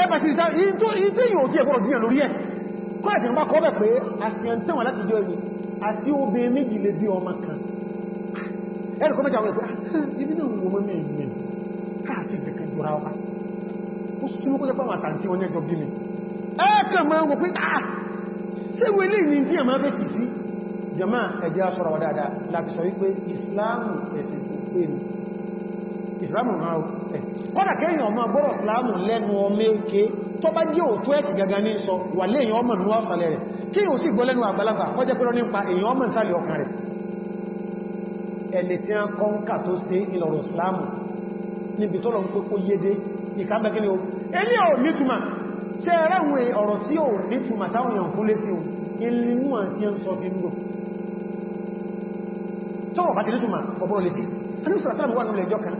ẹ̀bà ti ìtàn ìtí yóò tí ẹ̀kọ́ díẹ̀ lórí ẹ̀ kọ́ ẹ̀tẹ̀ nípa kọ́ bẹ̀ pé àṣìyàntẹ́wọ̀n láti jọ ẹni àti obìnrin méjì lè bí ọmọ kan ẹ̀rùkọ́ mẹ́jà wọ́n pẹ́ ibi náà wọ́n mọ́ mẹ́rin káàkiri kẹ́kẹ́ jọra wa ó súnmọ́ kó jẹ́ pàwọn àtàntí wọn yẹjọ gílẹ̀ ẹ̀ẹ́kẹ́ máa wọ́n pé àà ah, ṣe wọ́n ilé ìní tí a máa fèsì sí jama ẹjẹ́ aṣọ́rọ̀ wà dáadáa láti sọ wípé ìsìláàmù ẹ̀sìn kò pé ní ìsìláàmù máa pẹ̀ kọ́nà kẹ́yìn ọmọ gbọ́rọ̀ islamu lẹ́nu ọmọ èké tó bá jẹ́ òtú ẹ̀kì gaga ní sọ wà lé èyàn ọmọ nínú ọ̀sàlẹ̀ rẹ̀ kí o sì gbọ́lẹ́nu àgbàlagbà kọjẹ́ pẹ́rọ nípa èyàn ọmọ ìsàlẹ̀ ọkàn rẹ̀ ẹni tí a kọ́ ń kà tó sí ìlọ̀rọ̀ islamu níbi tó o ẹni ò nítumà ṣe ẹ̀rẹ́wẹ̀ ọ̀rọ̀ tí ò nítumà táwọn èèyàn kú lé o ilú àti ẹ̀ ń sọ fi ń lò tó wà bá ti nítumà ọ̀bọ̀n lè sí ẹni sọ̀rọ̀ tẹ́lẹ̀ wà nílẹ̀ ìjọ kan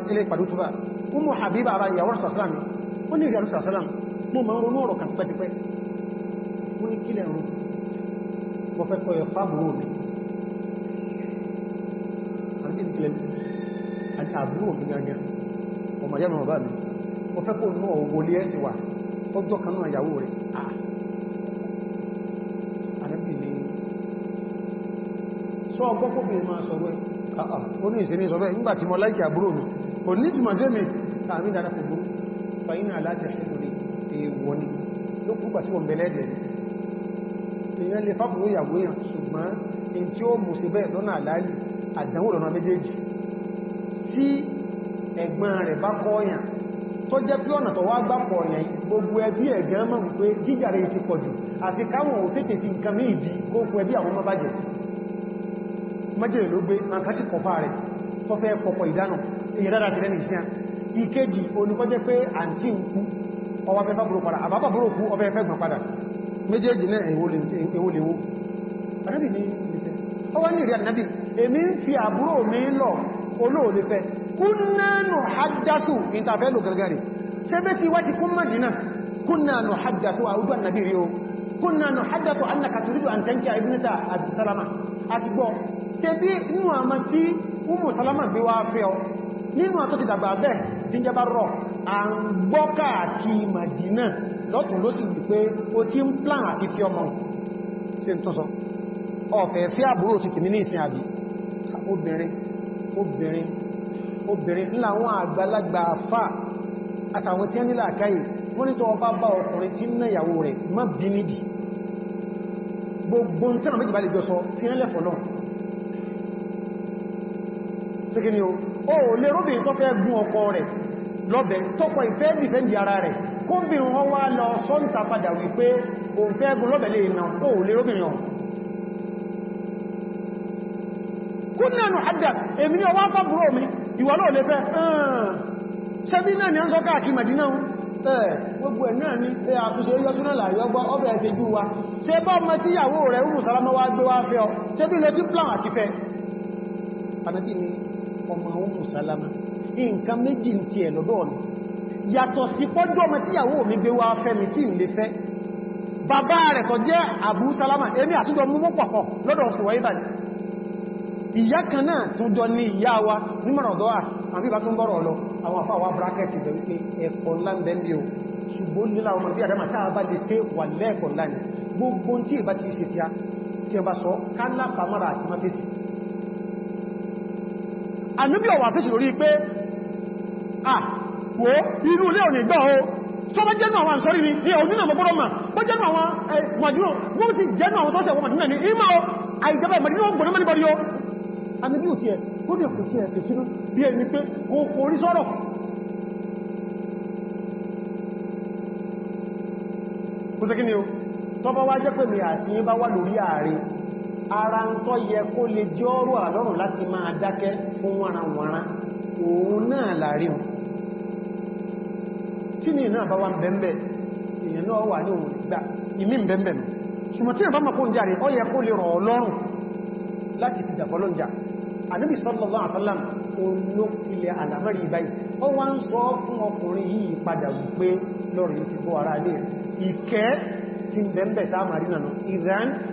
pẹ̀lú túbà umu habiba ara ìyàwó sàsálàmì ó ní ìrìnàlú sàsálàm mo ma ń ronú ọ̀rọ̀ kan tipẹ́tipẹ́ ó ní kílẹ̀ rú mo fẹ́ kọ́ ẹ̀fà bú omi àti àbúrò mi gangan ọmọ yẹ́nu ọba mi mo fẹ́ kó náà wọlé ẹ̀sì wà ọjọ́ kan náà ìyàwó rẹ̀ ah àrẹ́bì ni sọ ọgbọ́kùnrin máa sọ wẹ́ ah ah ó ní ìsinmi sọ bẹ́ nígbàtí mo láìkì àbúrò mi kò ní túnmọ̀ sí mi àmì dára kò bú fàyínà láti ṣẹ̀kùnrin èèwọ̀ ni ló kúgbà tí wọ́n bẹ̀lẹ̀ ẹ̀dẹ̀ èèyàn lè fábùrú ìyàwó èèyàn ṣùgbọ́n in tí ó mú sí bẹ́ẹ̀ lọ́nà àlálì àdánwò lọ́nà méjèèjì tí ẹ̀gbọ́n rẹ̀ bá kọ́ọ̀yàn tó jẹ́ pé ọ̀nà tó wá gbá kọ̀ọ̀yàn gbogbo ẹbí ẹ̀gbọ́n mọ̀ wípé jíjàre ti pọ̀jù àti káwọn ò tètè fi nǹkan ní ìdí kókù ẹbí àwọn mọ́bàjẹ́ mọ́jẹ̀ ló gbé àǹkátì kọ̀fà rẹ̀ tó fẹ́ kọ̀kọ̀ ìdánà ìrẹ́ra ti lẹ́nì sí ìkéjì olùkọ́jẹ́ pé àǹtí ń kú ọwọ́ fẹ́ bábúrò padà àbábàbúrò kú ọbẹ̀ fẹ́ gbọ̀n padà méjèèjì náà èwo lèwo ànábì ní ìlẹ́fẹ́ ó wá ní ìrẹ́ ànábì èmi ń fi àbúrò mi lọ olóòlẹ́fẹ́ kúnnà nù hajjásù ìtàfẹ́ lò gẹ́gẹ́rẹ́ sẹ́bẹ́ ti wá ti kún mọ́jìnà kúnnà nù hajjásù àwùjọ ànábì rí o kúnnà nù hajjásù annaka turidu an tanki a ibnita umu salama gbé wá fẹ́ ọ nínú àtọ́ ti dàgbà bẹ́ẹ̀ tí ń jẹba rọ̀ a ń gbọ́ káàkiri Màdínà lọ́tún ló sì wípé ó ti ń plan àti fi ọmọ ṣe ń tún sọ ọ̀fẹ́ fí àbúrò ti tìmí ní ìsìn àbí obìnrin obìnrin obìnrin ńlá àwọn àgbàlagbà àfà àtàwọn tí ó nílà àkáyè wọ́n ní tó ọba bá ọkùnrin tí ń ná ìyàwó rẹ̀ má bí nídì gbogbo tẹ́nà méjì bá lè jọ sọ fi ẹ́lẹ̀fọ́ náà o lè róbìn tó fẹ́ gún ọkọ rẹ̀ lọ́bẹ̀ tọ́pọ̀ ìfẹ́ dìfẹ́ndì ara rẹ̀ kó ń bìnrin wọ́n wá lọ sọ́ǹtà padà wípé o ń fẹ́ gún lọ́bẹ̀ lè nà o lè róbìn yàn kúnnà nù àdà èmi ni ọwá fábúrò mi ìwà náà lè fẹ́ ṣẹ́bí náà ni a ń sọ káàkiri Mẹ̀dínà gbogbo ẹ̀ náà ní àkúṣe yọ́túnà làyọ́gbọ́ ọbẹ̀ ẹ̀ṣẹ́ jú wa ṣe bá ọmọ tí ìyàwó rẹ̀ ń rùn sáramọ́wá gbé wá fẹ́ ọ ṣe bí lẹ́bí plan àti fẹ́ ọmọ ohun sálámà nǹkan méjì ti ẹ̀ lọ́dọ̀ mi yàtọ̀ sí pọ́jọ́ ọmọ tíyàwó mi gbé wá fẹ́ mi tí ń lè fẹ́ bàbá rẹ̀ tó jẹ́ àbú sálámà èmi àtújọ mú pọ̀pọ̀ lọ́dọ̀ ṣùwà ìbàdì ìyá kan náà tó jọ ní ìyá wa nímọ̀rọ̀dọ́wà àbí bá tún bọ́rọ̀ lọ àwọn àfáwà brákẹ̀tì bẹ̀ wípé ẹ̀kọ́ lámbẹ̀mbẹ̀ o ṣùgbọ́n nílá ọmọ bí àdámà táà bá lè ṣe wà lẹ́ẹ̀kọ́ láni gbogbo tí ìbá ti ṣe tí a ti ọba sọ ká lápàá mọ́ra àti mọ́tẹ́sì ànúbí ọ̀wà fèsì lórí pé ah wo inú ilé òní gbọ́ o tó bẹ́ jẹ́nu àwọn àṣọ́rí ni ní ọdún náà gbọ́dọ̀ mà bọ́ jẹ́nu àwọn màjúrò wọ́n ti jẹ́nu àwọn tọ́sẹ̀ wọ́n màjúrò ní ìmọ̀ àìjọba ìmọ̀dínú gbọ́dọ̀ mẹ́rin bọ́rí o ànúbí ò tiẹ̀ tó dẹ̀ kò tiẹ̀ kìsínú bí ẹni pé kò orí sọ́rọ̀ ó ni o tọ́bọ́ wá jẹ́ ara ń tọ́ yẹ kó lè jẹ́ ọrọ̀ àlọ́rùn láti máa dákẹ́ fún wọ́nranwọ́nra òun náà láàrin tí ní náà bá wá ń bẹ̀m̀bẹ̀ èèyàn náà wà ní òun ìgbà ìmí ń ṣùgbọ́n tí ìbámọ̀ kó ń jà ọ yẹ kó lè rọ̀ ọlọ́rùn láti fi dàpọ̀ lọ́njà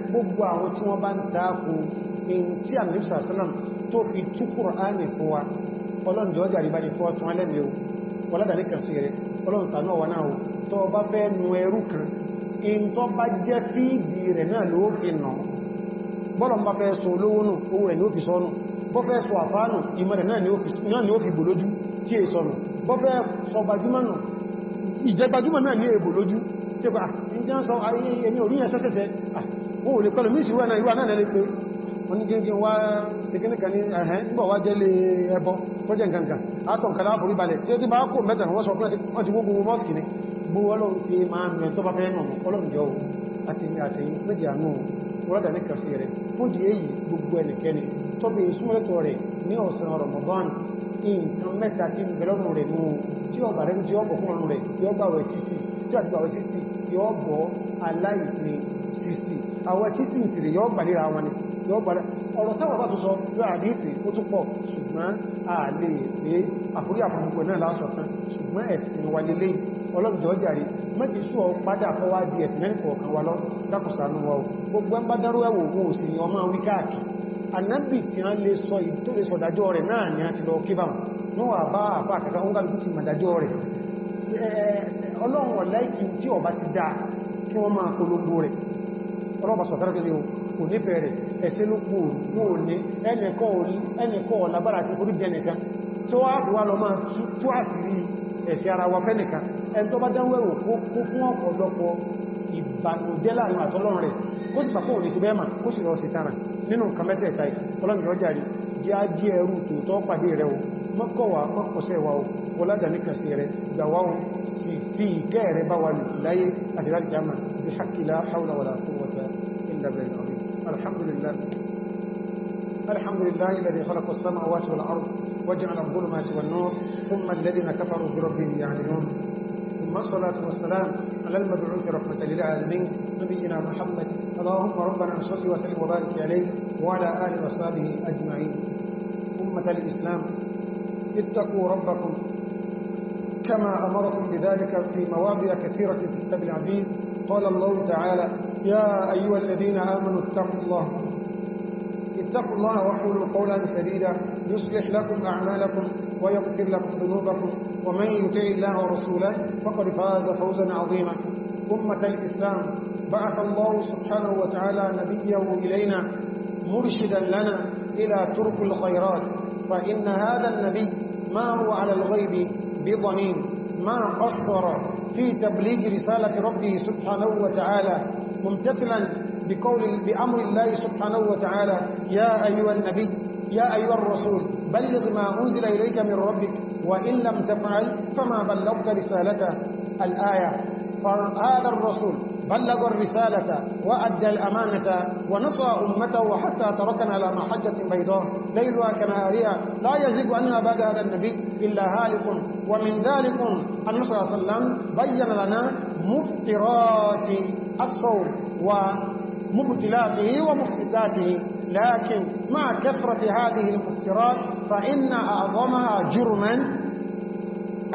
gbogbo àwọn tí wọ́n bá ń dákò in tí a mìíràn sàásánàm tó fi tú kùránì fún wa ọlọ́run jọ jàrí bá ní fọ́ tún alẹ́mẹ́ o ọlọ́dàrí kan sí rẹ̀ ọlọ́run sàánà wà náà tó bá fẹ́ nu ẹrú kan in tó bá jẹ́ fíìdì rẹ̀ náà ló fi nà bọ́lọ̀n bá fẹ́ so olówó nù owó rẹ̀ ni ó fi sọ́nù bọ́ fẹ́ so àfáànù ìmọ̀ rẹ̀ náà ni ó fi gbòlójú tí èbò lójú tí ó pa ah, ìjẹ́ ń sọ ayé ah, ẹni orí ẹ̀ṣẹ́ṣẹ́ṣẹ́ ah, ó lè pẹ́lú mí ìṣìwọ́ ìwà náà lẹ́lẹ́ pé wọ́n ní gíngín wá tẹkínìkan ní ẹ̀hẹ́n nígbà wá jẹ́ lè ẹbọ tó jẹ́ nǹkan àtọ̀ nǹkan láàpù ìbalẹ̀ tí ó ti bá kò mẹ́ta wọ́n sọ pé wọ́n ti gbogbo mọ́sìkì ní gbogbo ọlọ́run sí máa ń rẹ̀ tó bá fẹ́ nà ọlọ́run jọ àti àtẹ̀yìn méjì àánú wọ́lọ́dà ní kàfí rẹ̀ fún di èyí Ramadan nǹkan mẹ́ta tí ń bẹ̀lọ́rùn rẹ̀ mú tí ọba rẹ̀ tí ọbọ̀ fún ọrùn rẹ̀ yọ gbàwẹ̀ 60 tí àti gbàwẹ̀ 60 yọ bọ̀ aláìpín 60 àwọn sítì ìsìrì yóò gbà léra wọn ni yóò gbà ọ̀rọ̀ táwọn bá tó sọ yóò àdífẹ́ ó tó pọ̀ ṣùgbọ́n a lè pé àforí àforígbò náà lásọ̀ tán ṣùgbọ́n ẹ̀sìn wà lélé ọlọ́dọ̀ jàre mẹ́bí sọ padà kọ́ wá di ẹ̀sìn lẹ́nì kọ̀ọ̀kan wa lọ dákùsànú wa gbogbo ẹmbá dárú ẹwò ogun òsì ni ọmọ wí káàkì anábì tí wọ́n lè sọ ìtò lè sọ̀dájọ́ rẹ̀ náà ni a ti lọ kíbàm wọ́n wà bá àpá àkàkà ń gàlùkù ti màdájọ́ rẹ̀ ọlọ́run ọ̀láìkì tí ọba ti dáa kí wọ́n máa polongo rẹ̀ ọlọ́pàá sọ̀tẹ́rẹ́ kí ni o kò nífẹ̀ẹ́ rẹ̀ ẹ̀sẹ̀ ló kú òun ní ẹnìkọ́ ọ̀lágbára àti orí jẹnìkan tó wá wà lọ máa tú àsìrí ẹ̀sẹ̀ ara wa fẹ́nìkan ẹn tó bá dáwẹ́rò kó fún ọ̀pọ̀lọpọ̀ ìbànújẹ́ láàrin àtọ́lọ́run rẹ̀ kó sì pàpọ̀ òní sí bẹ́ẹ̀mà kó sì lọ sí tánà nínú nǹkan mẹ́tẹ̀ẹ̀ta ọlọ́run rọ́jà rí jẹ́ ajé ẹrù tòótọ́ بالله العظيم الحمد لله الحمد لله الذي خلق السماوات والأرض وجعل الظلمات والنور ثم الذين كفروا بربهم يعلمون ثم الصلاة والسلام على المبعوث رحمة للعالمين نبينا محمد اللهم ربنا صل وسلم وبارك عليه وعلى آله وصحبه أجمعين أمة الإسلام اتقوا ربكم كما أمركم بذلك في مواضع كثيرة في الكتاب العزيز قال الله تعالى يا أيها الذين آمنوا اتقوا الله اتقوا الله وقولوا قولا سديدا يصلح لكم أعمالكم ويغفر لكم ذنوبكم ومن يطع الله ورسوله فقد فاز فوزا عظيما أمة الإسلام بعث الله سبحانه وتعالى نبيه إلينا مرشدا لنا إلى ترك الخيرات فإن هذا النبي ما هو على الغيب بضنين ما قصر في تبليغ رسالة ربه سبحانه وتعالى ممتثلا بقول بأمر الله سبحانه وتعالى يا أيها النبي يا أيها الرسول بلغ ما أنزل إليك من ربك وإن لم تفعل فما بلغت رسالته الآية فهذا الرسول بلغ الرسالة وأدى الأمانة ونصى أمته حتى تركنا على محجة بيضاء ليلها كنهارها لا يزيد عنها بعد هذا النبي إلا هالك ومن ذلك النبي صلى الله عليه وسلم بين لنا مفترات الصوم ومبتلاته ومفسداته لكن مع كثرة هذه المفترات فإن أعظمها جرما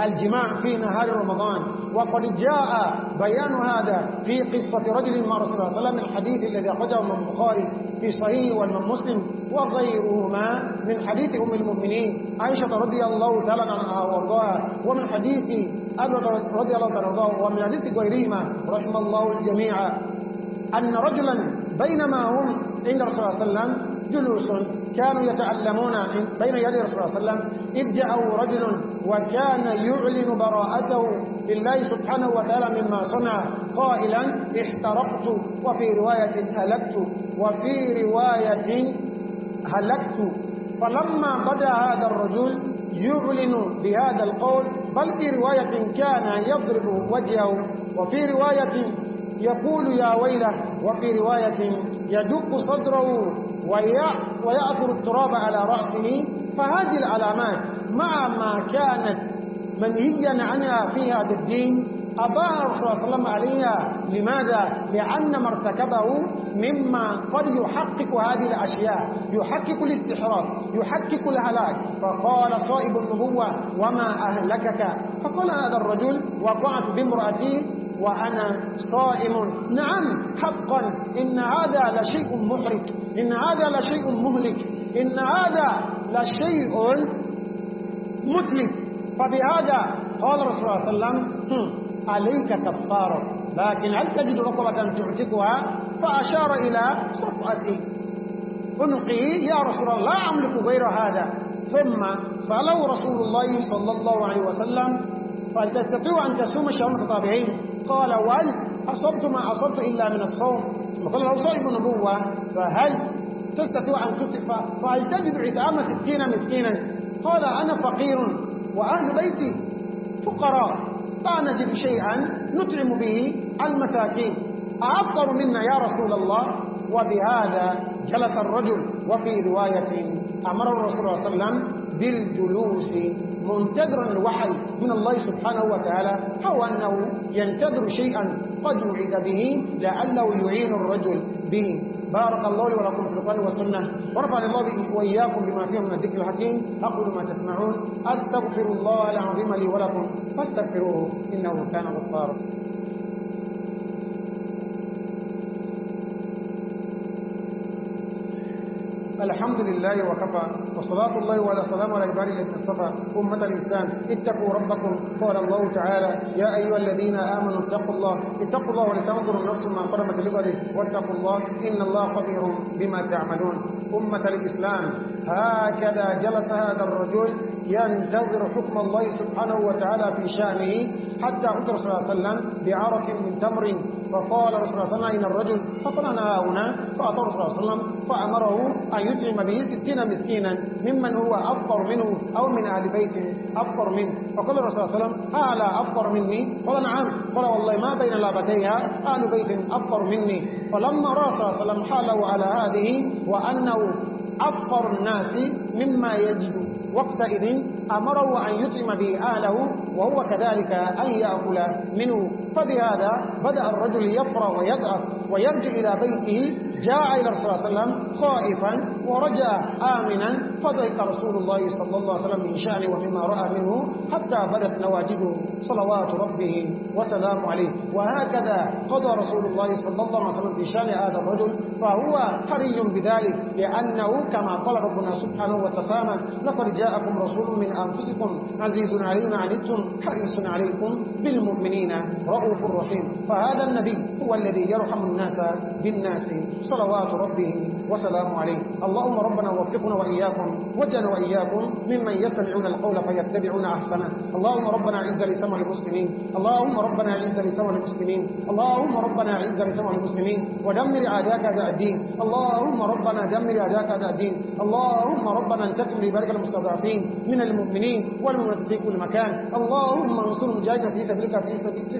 الجماع في نهار رمضان وقد جاء بيان هذا في قصة رجل مع رسول الله صلى الله عليه وسلم الحديث الذي أخرجه من البخاري في صحيح والمن مسلم وغيرهما من حديث أم المؤمنين عائشة رضي الله تعالى عنها وارضاها ومن حديث أبي رضي الله تعالى عنه ومن حديث غيرهما رحم الله الجميع أن رجلا بينما هم عند رسول الله صلى الله عليه وسلم جلوس كانوا يتعلمون بين يدي رسول الله صلى الله عليه وسلم إذ جاءه رجل وكان يعلن براءته لله سبحانه وتعالى مما صنع قائلا احترقت وفي رواية هلكت وفي رواية هلكت فلما بدا هذا الرجل يعلن بهذا القول بل في رواية كان يضرب وجهه وفي رواية يقول يا ويله وفي رواية يدق صدره ويأثر التراب على رأسه فهذه العلامات مع ما كانت منهيا عنها في هذا الدين أباها الرسول صلى الله عليه وسلم عليها لماذا؟ لأن ما ارتكبه مما قد يحقق هذه الأشياء يحقق الاستحراف يحقق الهلاك فقال صائب النبوة وما أهلكك فقال هذا الرجل وقعت بامرأتي وأنا صائم نعم حقا إن هذا لشيء محرج إن هذا لشيء مهلك إن هذا لشيء متلف فبهذا قال رسول الله صلى الله عليه وسلم عليك كفارة لكن هل تجد رقبة تعتقها فأشار إلى صفأة أنقي يا رسول الله لا أملك غير هذا ثم صلوا رسول الله صلى الله عليه وسلم فهل تستطيع أن تصوم شهر متتابعين قال وهل أصبت ما أصبت إلا من الصوم وقال له صائم نبوة فهل تستطيع أن تصف فهل تجد عتام ستين مسكينا قال أنا فقير وأهل بيتي فقراء لا نجد شيئا نطعم به المساكين أعطر منا يا رسول الله وبهذا جلس الرجل وفي رواية أمر الرسول صلى الله عليه وسلم بالجلوس منتظرا الوحي من الله سبحانه وتعالى أو أنه ينتظر شيئا قد وعد به لعله يعين الرجل به بارك الله لي ولكم في القرآن والسنة ورفع الله وإياكم بما فيه من الذكر الحكيم أقول ما تسمعون أستغفر الله العظيم لي ولكم فاستغفروه إنه كان غفارا الحمد لله وكفى وصلاة الله وعلى سلام على عباده الذين اصطفى أمة الإسلام اتقوا ربكم قال الله تعالى يا أيها الذين آمنوا اتقوا الله اتقوا الله ولتنظر نفس ما قدمت لبره واتقوا الله إن الله خبير بما تعملون أمة الإسلام هكذا جلس هذا الرجل ينتظر حكم الله سبحانه وتعالى في شأنه حتى أتى رسول الله صلى الله عليه وسلم بعرق من تمر فقال رسول الله صلى الله عليه وسلم إن الرجل أنا هنا فأتى رسول الله صلى الله عليه وسلم فأمره أن يطعم به ستين مسكينا ممن هو أفقر منه أو من أهل بيت أفقر منه فقال الرسول صلى الله عليه وسلم هل أفقر مني قال نعم قال والله ما بين لابتيها أهل بيت أفقر مني فلما رأى صلى الله عليه وسلم حاله على هذه وأنه أفقر الناس مما يجد وقتئذ أمره أن يطعم به أهله وهو كذلك أن يأكل منه فبهذا بدأ الرجل يفرى ويضعف ويرجع إلى بيته جاء إلى الرسول صلى الله عليه وسلم خائفا ورجع آمنا فضحك رسول الله صلى الله عليه وسلم من شأنه ومما رأى منه حتى بدت نواجده صلوات ربه وسلام عليه وهكذا قضى رسول الله صلى الله عليه وسلم في شأن هذا الرجل فهو حري بذلك لأنه كما قال ربنا سبحانه وتسامى لقد جاءكم رسول من أنفسكم عزيز عليم ما عنتم حريص عليكم بالمؤمنين رؤوف رحيم فهذا النبي هو الذي يرحم الناس بالناس صلى صلوات ربه وسلام عليه اللهم ربنا وفقنا وإياكم وجنا وإياكم ممن يستمعون القول فيتبعون أحسنه اللهم ربنا عز لسمع المسلمين اللهم ربنا عز لسمع المسلمين اللهم ربنا عز لسمع المسلمين ودمر عداك هذا الدين اللهم ربنا دمر عداك هذا الدين اللهم ربنا انتقم لبارك المستضعفين من المؤمنين والمؤمنات في كل مكان اللهم انصر مجاهدنا في سبيلك في سبيلك في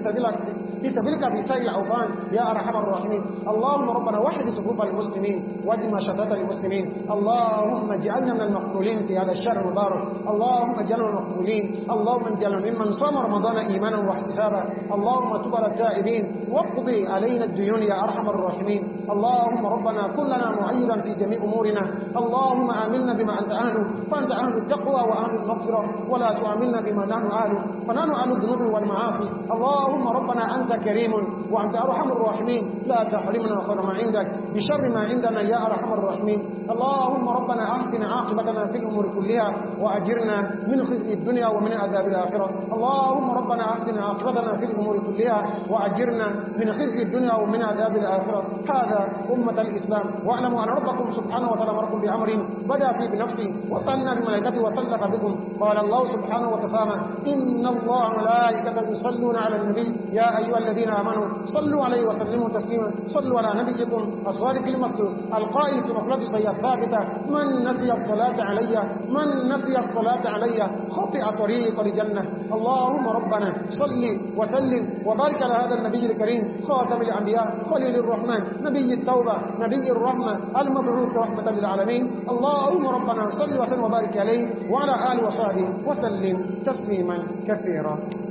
سبيلك في سبيل العوفان يا أرحم الراحمين اللهم ربنا وحد صفوف المسلمين ودم شتات المسلمين اللهم اجعلنا من المقبولين في هذا الشهر المبارك اللهم اجعلنا من المقبولين اللهم اجعلنا ممن صام رمضان ايمانا واحتسابا اللهم تب على التائبين واقض علينا الديون يا ارحم الراحمين اللهم ربنا كلنا معيرا في جميع امورنا اللهم عاملنا بما انت اهله فانت اهل التقوى واهل المغفره ولا تعاملنا بما نحن اهله فنحن اهل الذنوب والمعاصي اللهم ربنا انت كريم وانت ارحم الراحمين لا تحرمنا خير ما عندك بشر ما عندنا يا أرحم الراحمين اللهم ربنا أحسن عاقبتنا في الأمور كلها وأجرنا من خزي الدنيا ومن عذاب الآخرة اللهم ربنا أحسن عاقبتنا في الأمور كلها وأجرنا من خزي الدنيا ومن عذاب الآخرة هذا أمة الإسلام واعلموا أن ربكم سبحانه وتعالى مركم بأمر بدأ فيه بنفسه وطلنا بملائكته وطلق بكم قال الله سبحانه وتعالى إن الله ملائكته يصلون على النبي يا أيها الذين آمنوا صلوا عليه وسلموا تسليما صلوا على نبيكم أصلا الصادق المصدوق القائل في مخلصه هي الثابتة من نسي الصلاة علي من نسي الصلاة علي خطئ طريق لجنة اللهم ربنا صل وسلم وبارك على هذا النبي الكريم خاتم الأنبياء خليل الرحمن نبي التوبة نبي الرحمة المبعوث رحمة للعالمين اللهم ربنا صل وسلم وبارك عليه وعلى آله وصحبه وسلم تسليما كثيرا